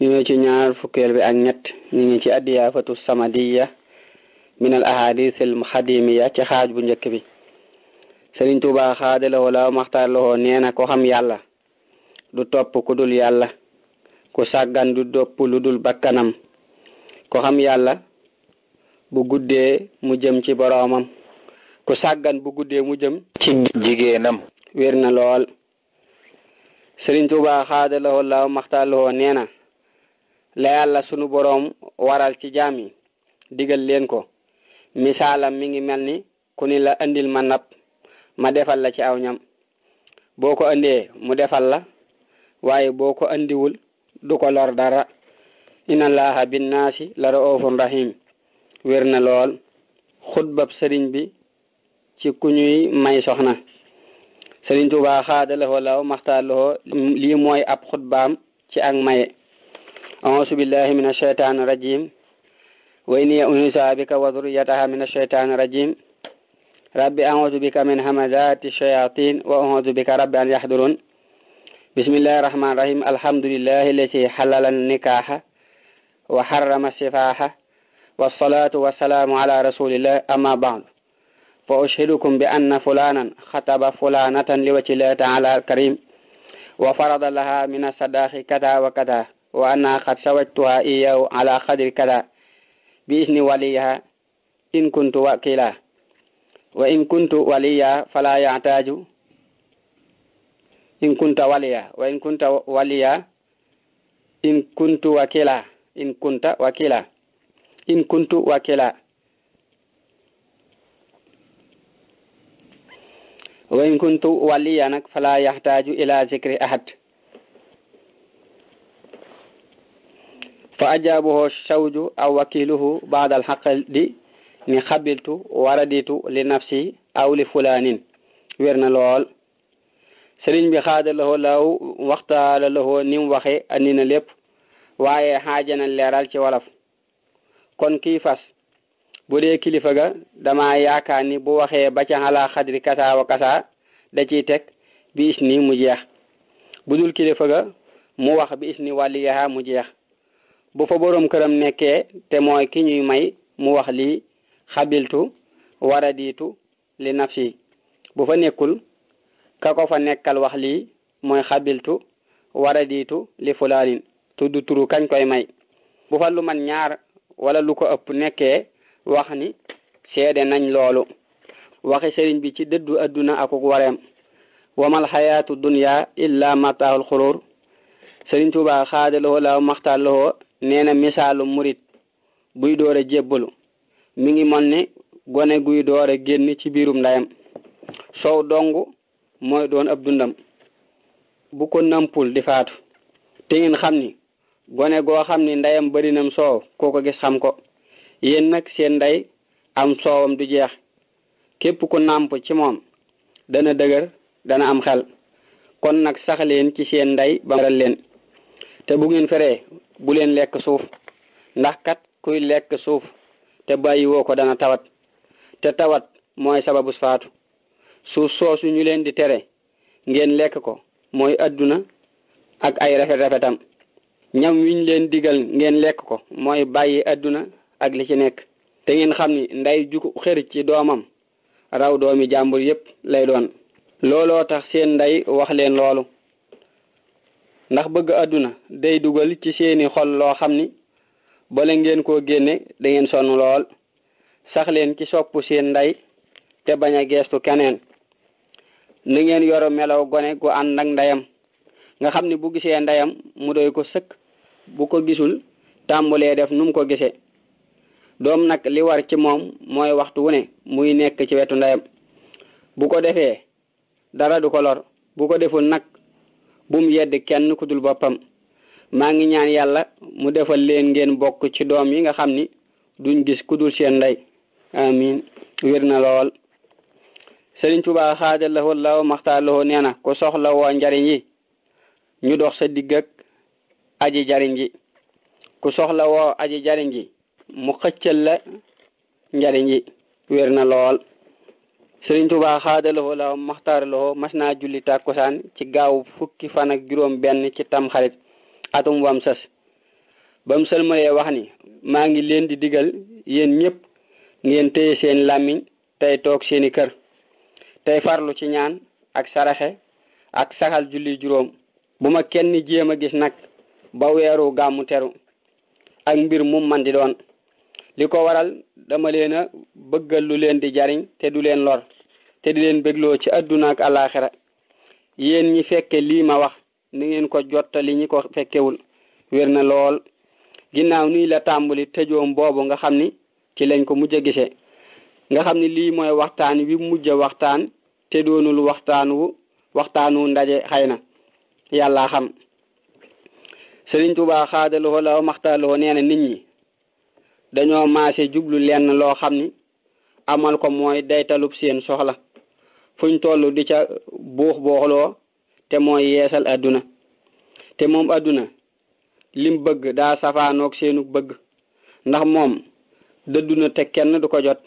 ñu ngi ci ñaar fukkeel bi ak ñett ñu ngi ci addiyaafatu samadiya min al ahadis al muhadimiya ci xaaj bu njëkk bi sëriñ tuuba xaade la walaw maxtaar la woo nee na ko xam yàlla du topp ku dul yàlla ku sàggan du dopp lu dul bakkanam ko xam yàlla bu guddee mu jëm ci boroomam ku sàggan bu guddee mu jëm ci jigéenam wér na lool sëriñ tuuba xaade la walaw maxtaar la woo nee na la yàlla sunu boroom waral ci jaam yi digal leen ko misaalam mi ngi mel ni ku ni la andil ma napp ma defal la ci aw ñam boo ko andee mu defal la waaye boo ko andiwul du ko lor dara inna allaha binnaasi la raufun rahim wér na lool xutbab sëriñ bi ci ku ñuy may soxna sëriñ Tuubaa xaadalawoo law maxtaalowoo lii mooy ab xutbaam ci ak maye أعوذ بالله من الشيطان الرجيم وإني أنسى بك وذريتها من الشيطان الرجيم ربي أعوذ بك من همزات الشياطين وأعوذ بك رب أن يحضرون بسم الله الرحمن الرحيم الحمد لله الذي حلل النكاح وحرم السفاح والصلاة والسلام على رسول الله أما بعد فأشهدكم بأن فلانا خطب فلانة لوجه الله تعالى الكريم وفرض لها من الصداق كذا وكذا وأنها قد زوجتها إياه على قدر كذا بإذن وليها إن كنت وكيله وإن كنت وليا فلا يعتاج إن كنت وليا وإن كنت وليا إن كنت وكيلا إن كنت وكيلا إن كنت وكيلا وإن كنت وليا فلا يحتاج إلى ذكر أحد fa ajaabuhu sawju aw wakiluhu baada alxaqdi ni xabiltu waraditu li nafsi aw li fulaanin wér na lool sëriñ bi xaada lahoo waxtaala lahoo ni mu waxe andi na lépp waaye xaaja na leeral ci wolof kon kii fas bu dee kilifa ga dama yaakaar ni bu waxee ba ca xadri kasa kasa da ciy teg bi is ni mu jeex budul kilifa ga mu wax bi is ni wàlliyaha mu jeex bu fa boroom këram nekke te mooy ki ñuy may mu wax lii xabiltu wara waradiitu li nafsi bu fa nekkul ka ko fa nekkal wax lii mooy xabiltu waradiitu li fulaanin tudd turu kañ koy may bu fa lu man ñaar wala lu ko ëpp nekkee wax ni seede nañ loolu waxi sëriñ bi ci dëddu adduna akuk wareem wamal xayaatu dunya illa mataahul xuruur sëriñ Tuubaa xaadalowoo laaw maxtaalowoo nee na misaalu murit buy doore a jébbalu mi ngi mën ni gone guy door génn ci biirum ndayam soow dong mooy doon ab dundam bu ko nampul di faatu te ngeen xam ni gone goo xam ni ndeyam bari nam soow koo ko gis xam ko yéen nag seen nday am soowam du jeex képp ko nàmp ci moom dana dëgër dana am xel kon nag sax leen ci seen ndey ba leen te bu ngeen feree bu leen lekk suuf ndax kat kuy lekk suuf te bàyyi woo ko dana tawat te tawat mooy sababu saatu suuf soosu ñu leen di tere ngeen lekk ko mooy adduna ak ay rafet rafetam ñam wiñ leen digal ngeen lekk ko mooy bàyyi adduna ak li ci nekk te ngeen xam ni nday ju xër ci doomam raw doomi jàmbur yépp lay doon looloo tax seen nday wax leen loolu ndax bëgg aduna day dugal ci seeni xol loo xam ni la ngeen koo génne da ngeen sonn lool sax leen ci sopp seen nday te bañ a geestu keneen na ngeen yoro melaw gone gu ànd ak ndayam nga xam ni bu gisee ndayam mu doy ko sëkk bu ko gisul tàmbulee def num ko gisee doom nag li war ci moom mooy waxtu wu ne muy nekk ci wetu ndayam bu ko defee dara du ko lor bu ko deful nag bu mu yedd kenn ku dul boppam maa ngi ñaan yàlla mu defal leen ngeen bokk ci doom yi nga xam ni duñ gis ku dul seen ndey amin wér na lool Sëriñ Tuubaa xaadalawoo law maxtaalawoo nee na ku soxla woo njariñ yi ñu dox sa digg ak aji jariñ ji ku soxla woo aji jariñ ji mu xëccal la njariñ yi wér na lool Sëriñ Tuubaa xaada loxo la maxtaar loxo mas naa julli tàkkusaan ci gaaw fukki fan ak juróom benn ci tamxarit atum wam sas ba sëlmalee wax ni maa ngi leen di digal yéen ñëpp ngeen téye seen làmmiñ tey toog seeni kër tey farlu ci ñaan ak saraxe ak saxal julli juróom bu ma kenn jéem a gis nag ba weeru gàmmu teru ak mbir mu man di doon li ko waral dama leen a bëggal lu leen di jariñ te du leen lor teɗi leen begloo ci addunaak alaxira yéen ñi fekke liima wax ni ngeen ko jottali ñi ko fekkewul wér na lool ginnaaw nuy la tàmbali tëjoom boobu nga xam ni ci lañ ko mujja gise nga xam ni lii mooy waxtaan wi mujja waxtaan te doonul waxtaanwu waxtaanu ndaje xëy na yàllaa xam sëriñ tubaa xaadaloo la maxtaaloo nee na nit ñi dañoo maase jublu lenn loo xam ni amal ko mooy daytalub seen soxla fuñ tollu di ca buux booxloo te mooy yeesal àdduna te moom àdduna lim bëgg daa safaanoog seenu bëgg ndax moom dëdduna te kenn du ko jot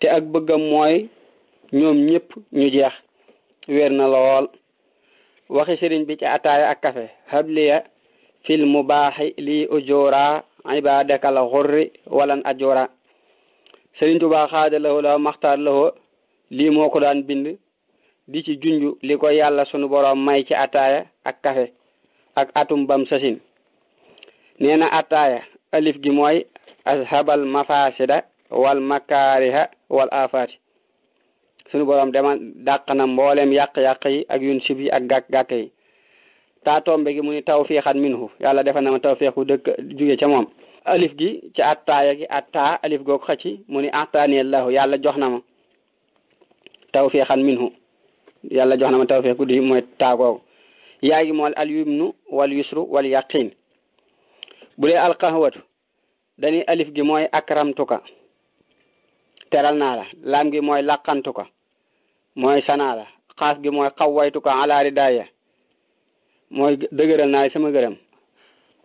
te ak bëggam mooy ñoom ñëpp ñu jeex wér na lool waxi sëriñ bi ci ataaya ak kafe habliya fil mubaaxi lii ujoora ibaadaka la xurri walan ajoora sëriñ Tuubaa xaada lahu la maxtaar lahu lii moo ko daan bind di ci junj li ko yàlla sunu boroom may ci ataaya ak kafe ak atum bam sasin nee na ataaya alif gi mooy azhabal mafasida wal makaariha wal afaati sunu borom dama dàq na mboolem yàq-yàq yi ak yun sib ak gàkk-gàkk yi taa tombe gi mu ni tawfiixan minhu yàlla defa na ma tawfiix bu dëkk jóge ca moom alif gi ci attaaya gi attaa alif googu xëcc mu ni attaaniyallahu yàlla jox na ma tawféexan minhu yàlla jox na ma tawféex guddi gi mooy taagoogu yaa ngi mool wal yusru wal yaqin bu dee alqahwatu dañuy alif gi mooy akramtuka teral naa la laam gi mooy laqantuka mooy sanaa la gi mooy xawwaytuka ala ridaaya mooy dëgëral naa sama gërëm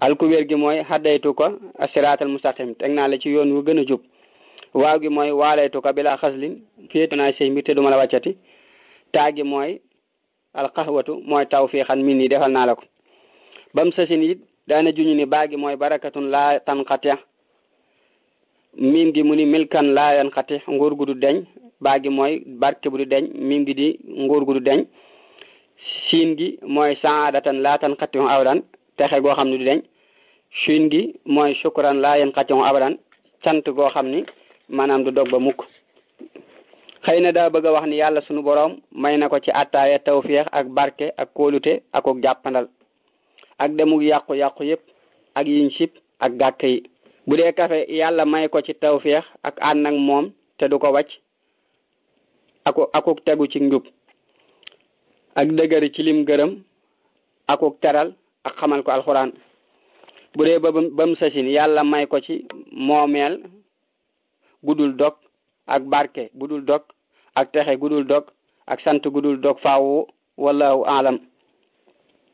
alkubeer gi mooy xaddaytuka asiraatal mustaqim teg naa la ci yoon wu gën a jub waaw gi mooy waalaytuka bila xaslin féetu naa say mbir te du la wàccati taa gi mooy alxaxwatu mooy taw fii xan min nii defal naa la ko bam sasin it daana juñu ni baa mooy barakatun laa tanqatiya miim gi mu ni milkan laa nguur gu du deñ baa gi mooy barke bu du deñ miim gi di nguur gu du deñ siin gi mooy saadatan laa tanqati texe goo xam ne du deñ siin gi mooy shukran laa yanqati abadan sant goo xam ni maanaam du dog ba mukk xëy na daa bëgg a wax ni yàlla sunu borom may na ko ci attaaya tawféex ak barke ak kóolute ak jàppandal ak demuk yàqu-yàqu yëpp ak yiñ sib ak gàkk bu dee kafe yàlla may ko ci tawféex ak ànd ak moom te du ko wàcc ak akuk tegu ci njub ak dëgër ci lim gërëm akuk teral ak xamal ko alxuraan bu dee ba bam sasin yàlla may ko ci moomeel gudul dog ak barke gudul dog ak texe gudul dog ak sant gudul dog faawu wallahu alam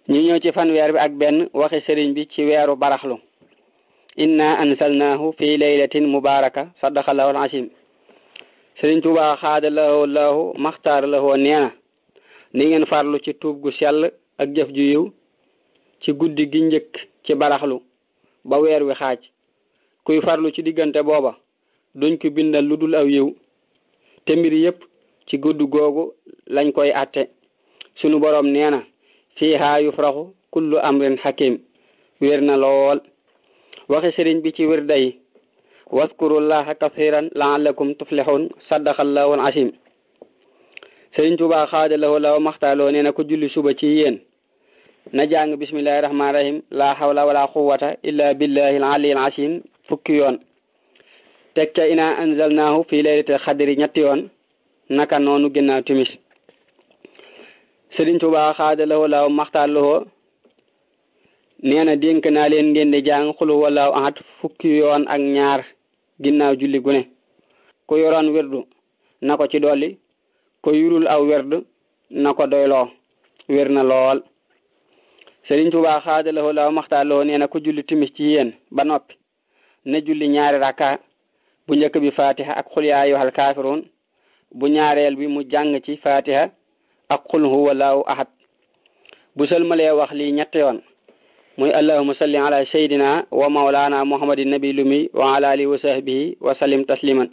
ñu ñëw ci weer bi ak benn waxe sëriñ bi ci weeru baraxlu inna ansalnahu fi laylatin mubaraka sadaqallahu alazim sëriñ tuuba xaada lahoo lahu maxtaar lahoo nee ni ngeen farlu ci tuub gu sell ak jëf ju yiw ci guddi gi njëkk ci baraxlu ba weer wi xaaj kuy farlu ci diggante booba duñ ko bindal lu dul aw yiw yépp ci gudd googu lañ koy atte sunu boroom nee na fiihaa kullu amrin hakim wér na lool waxi bi ci wér day waskurullaha kathiran laallakum tuflihun sadaqallahu al-asim sëriñ Tuubaa xaadalawoo law maxtaaloo nee na ko julli suba ci yéen na jàng bismillahi rahmaani rahim laa hawla wala quwwata illa billahi al asim fukki yoon teg ca ina anzalnaahu fii laylatil xadri ñetti yoon naka noonu ginnaaw timis Sëriñ Tuubaa xaada lawo laaw maxtaar lowoo nee na dénk naa leen ngeen di jàng xulu walaaw ahat fukki yoon ak ñaar ginnaaw julli gu ne werdu na ci dolli ko yurul aw werdu na ko doyloo wér na lool Sëriñ Tuubaa xaada lawo laaw maxtaar lowoo nee na ku julli timis ci yéen ba noppi na julli ñaari rakka bu njëkk bi fatiha ak xul yaa ayyuhal bu ñaareel bi mu jàng ci fatiha ak xul huwa laahu ahad bu sëlmalee wax lii ñett yoon muy allahuma salli ala saydina wa maulana muhammadin nabi lumi wa ala alihi wa tasliman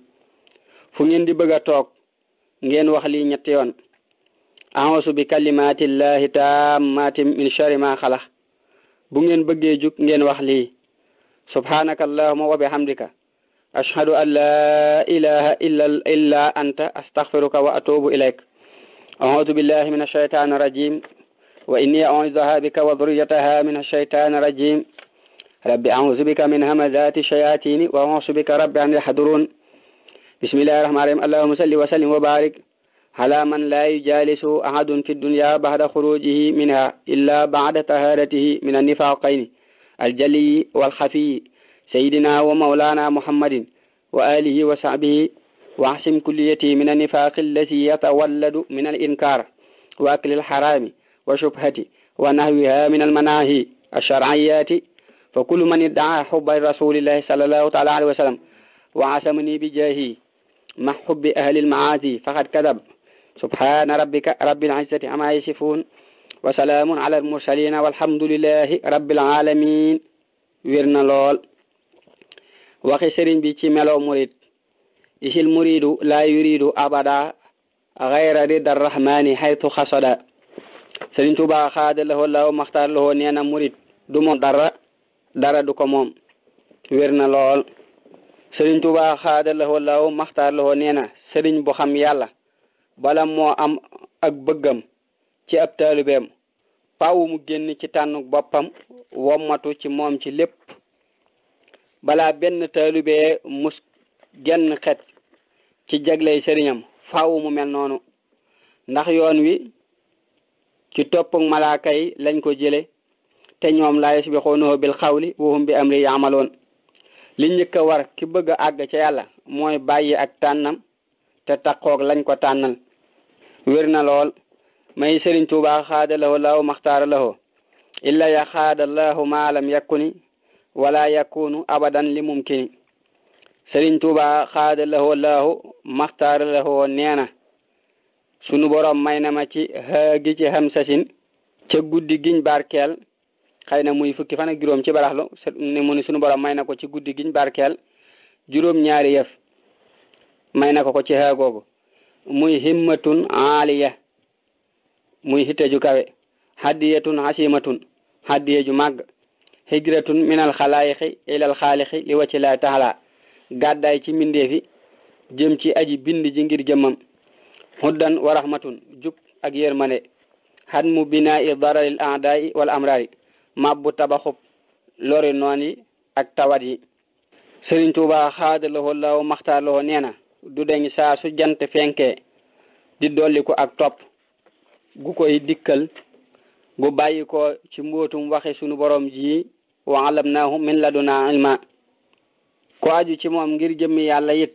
fu ngeen di bëgg a toog ngeen wax lii ñett yoon a'uuzu bi kalimatillahi tammati min sharri ma bu ngeen bëggee jug ngeen wax lii subhanaka allahuma wa أشهد أن لا إله إلا, إلا أنت أستغفرك وأتوب إليك أعوذ بالله من الشيطان الرجيم وإني أعوذها بك وذريتها من الشيطان الرجيم رب أعوذ بك من همزات الشياطين وأعوذ بك رب أن يحضرون بسم الله الرحمن الرحيم اللهم صل وسلم وبارك على من لا يجالس أحد في الدنيا بعد خروجه منها إلا بعد طهارته من النفاقين الجلي والخفي سيدنا ومولانا محمد وآله وصحبه واحسم كليتي من النفاق الذي يتولد من الإنكار وأكل الحرام وشبهة ونهوها من المناهي الشرعيات فكل من ادعى حب رسول الله صلى الله تعالى عليه وسلم وعصمني بجاهي مع حب أهل المعاصي فقد كذب سبحان ربك رب العزة عما يصفون وسلام على المرسلين والحمد لله رب العالمين ويرنا لول waxi sëriñ bi ci melo murid isil muridu laa yuridu abada xayra rida rahmani haytu xasada sëriñ Tuubaa xaada la law maxtaar la nee na murid du moom dara dara du ko moom wér na lool sëriñ Tuubaa xaada la law maxtaar la nee na sëriñ bu xam yàlla bala moo am ak bëggam ci ab taalibeem faaw mu génn ci tànn boppam wommatu ci moom ci lépp balaa benn taalibee mus genn xet ci jagley sëriñam faaw mu mel noonu ndax yoon wi ci topp malaaka lañ ko jële te ñoom laa yasbiquunahu bil xawli wa hum bi amri yaamaloon li njëkk war ki bëgg a ci ca yàlla mooy bàyyi ak tànnam te taqoog lañ ko tànnal wér na lool may sëriñ tuubaa xaada lahu laahu maxtaara lahu illa ya xaada laahu maalam wala yakunu abadan li mumkini Sëriñ Tuuba xaada lahoo laahu maxtaara lahoo nee na sunu borom may na ma ci xaa gi ci xam sasin ca guddi giñ barkeel xëy na muy fukki fan ak juróom ci baraxlu ne mu sunu borom may na ko ci guddi giñ barkeel juróom ñaari yëf may na ko ko ci xaa googu muy himmatun aaliya muy xitteju kawe haddiyatun xasimatun haddiye ju màgg hijratun minal xalaayiqi li wacci laay taxalaa gàddaay ci mbindeefi jëm ci aji bind ji ngir jëmmam huddan wa rahmatun jub ak yërmande xat mu binaa i dararil adaa i wala amraari mabbu tabaxub lori noon yi ak tawat yi sëriñ tuuba xaada loxo maxtaar loxo nee na du deñ saa su jant fenkee di dolliku ak topp gu koy dikkal gu bàyyi ko ci mbootum waxe sunu borom ji wa allamnaahu min ladunaa ilma ku aju ci moom ngir jëmmi yàlla yit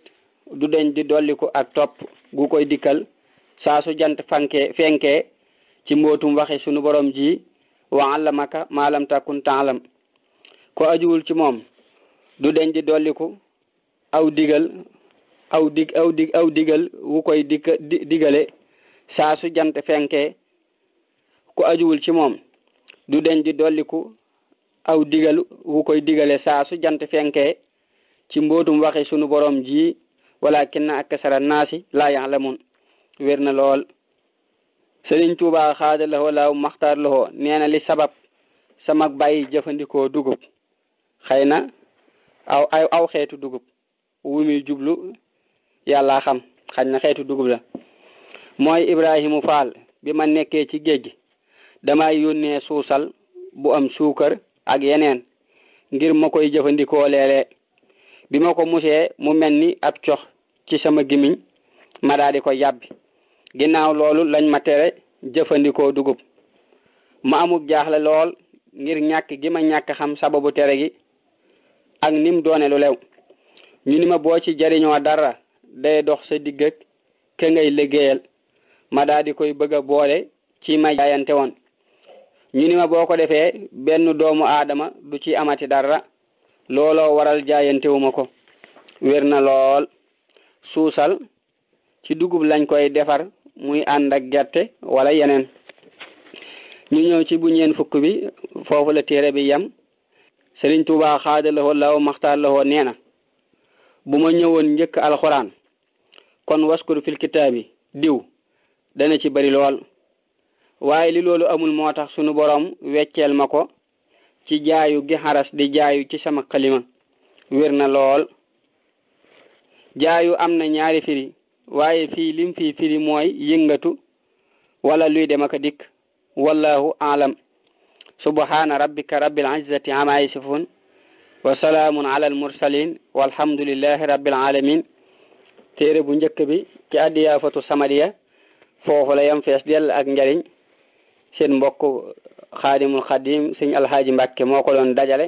du deñ di dolliku ak top gu koy dikkal saa jant fanke fenkee ci mbootum waxe sunu borom ji wa allamaka maa lam takun taalam ku ajuwul ci moom du deñ di dolliku aw digal aw digal wu koy dikk digale saa su jant fenkee ku ajuwul ci moom du deñ di dolliku aw digal wu koy digale saa su jant fenkee ci mbootum waxe sunu borom ji walakin aksara naasi laa ya'lamuun wér na lool Sëriñ Tuubaa xaada laxoo laaw maxtaar laxoo nee na li sabab samag bàyyi jëfandikoo dugub xëy na aw xeetu dugub wu jublu yàlla xam xañ na xeetu dugub la mooy Ibrahimu Faal bi ma nekkee ci géej gi damay suusal bu am suukar ak yeneen ngir ma koy jëfandikoo léeg bi ma ko musee mu mel ni ab cox ci sama gimiñ ma ko yàbbi ginnaaw loolu lañ ma tere jëfandikoo dugub ma amug jaaxle lool ngir ñàkk gi ma ñàkk xam sababu tere gi ak nim doone lu lew ñu ni ma boo ci jariñoo dara day dox sa digg ak ngay liggéeyal ma daal koy bëgg a boole ci ma jaayante woon ñinima boo ko defee benn doomu aadama du ci amati dara looloo waral jaayantewuma ko wér na lool suusal ci dugub lañ koy defar muy ànd ak gerte wala yeneen ñu ñëw ci bu ñeen fukk bi foofu la téere bi yam sëriñ tuuba xaada la woo law maxtaar la woo nee na bu ma ñëwoon njëkk alxuraan kon waskur filkitaabi diw dana ci bari lool waaye li loolu amul moo tax sunu boroom wecceel ma ko ci jaayu gi xaras di jaayu ci sama xalima wér na lool jaayu am na ñaari firi waaye fii lim fii firi mooy yëngatu wala luy dem ak dikk wallahu alam subhana rabbika rabbil izzati alamin téere bu njëkk bi ci addiyaafatu samadiya foofu la yam fees dell ak njariñ seen mbokk xaadimul xadim sëñ alxaaji mbàkke moo ko doon dajale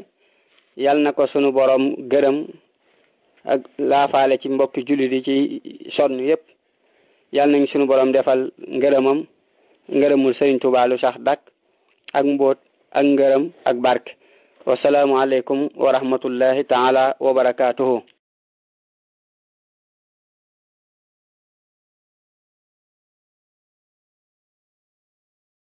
yal na ko sunu borom gërëm ak laafaale ci mbokki jullit yi ci son yépp yal nañ sunu borom defal ngërëmam ngërëmul sëriñ Tuubaa sax dak ak mboot ak ngërëm ak barke wasalaamu aleykum wa taala wa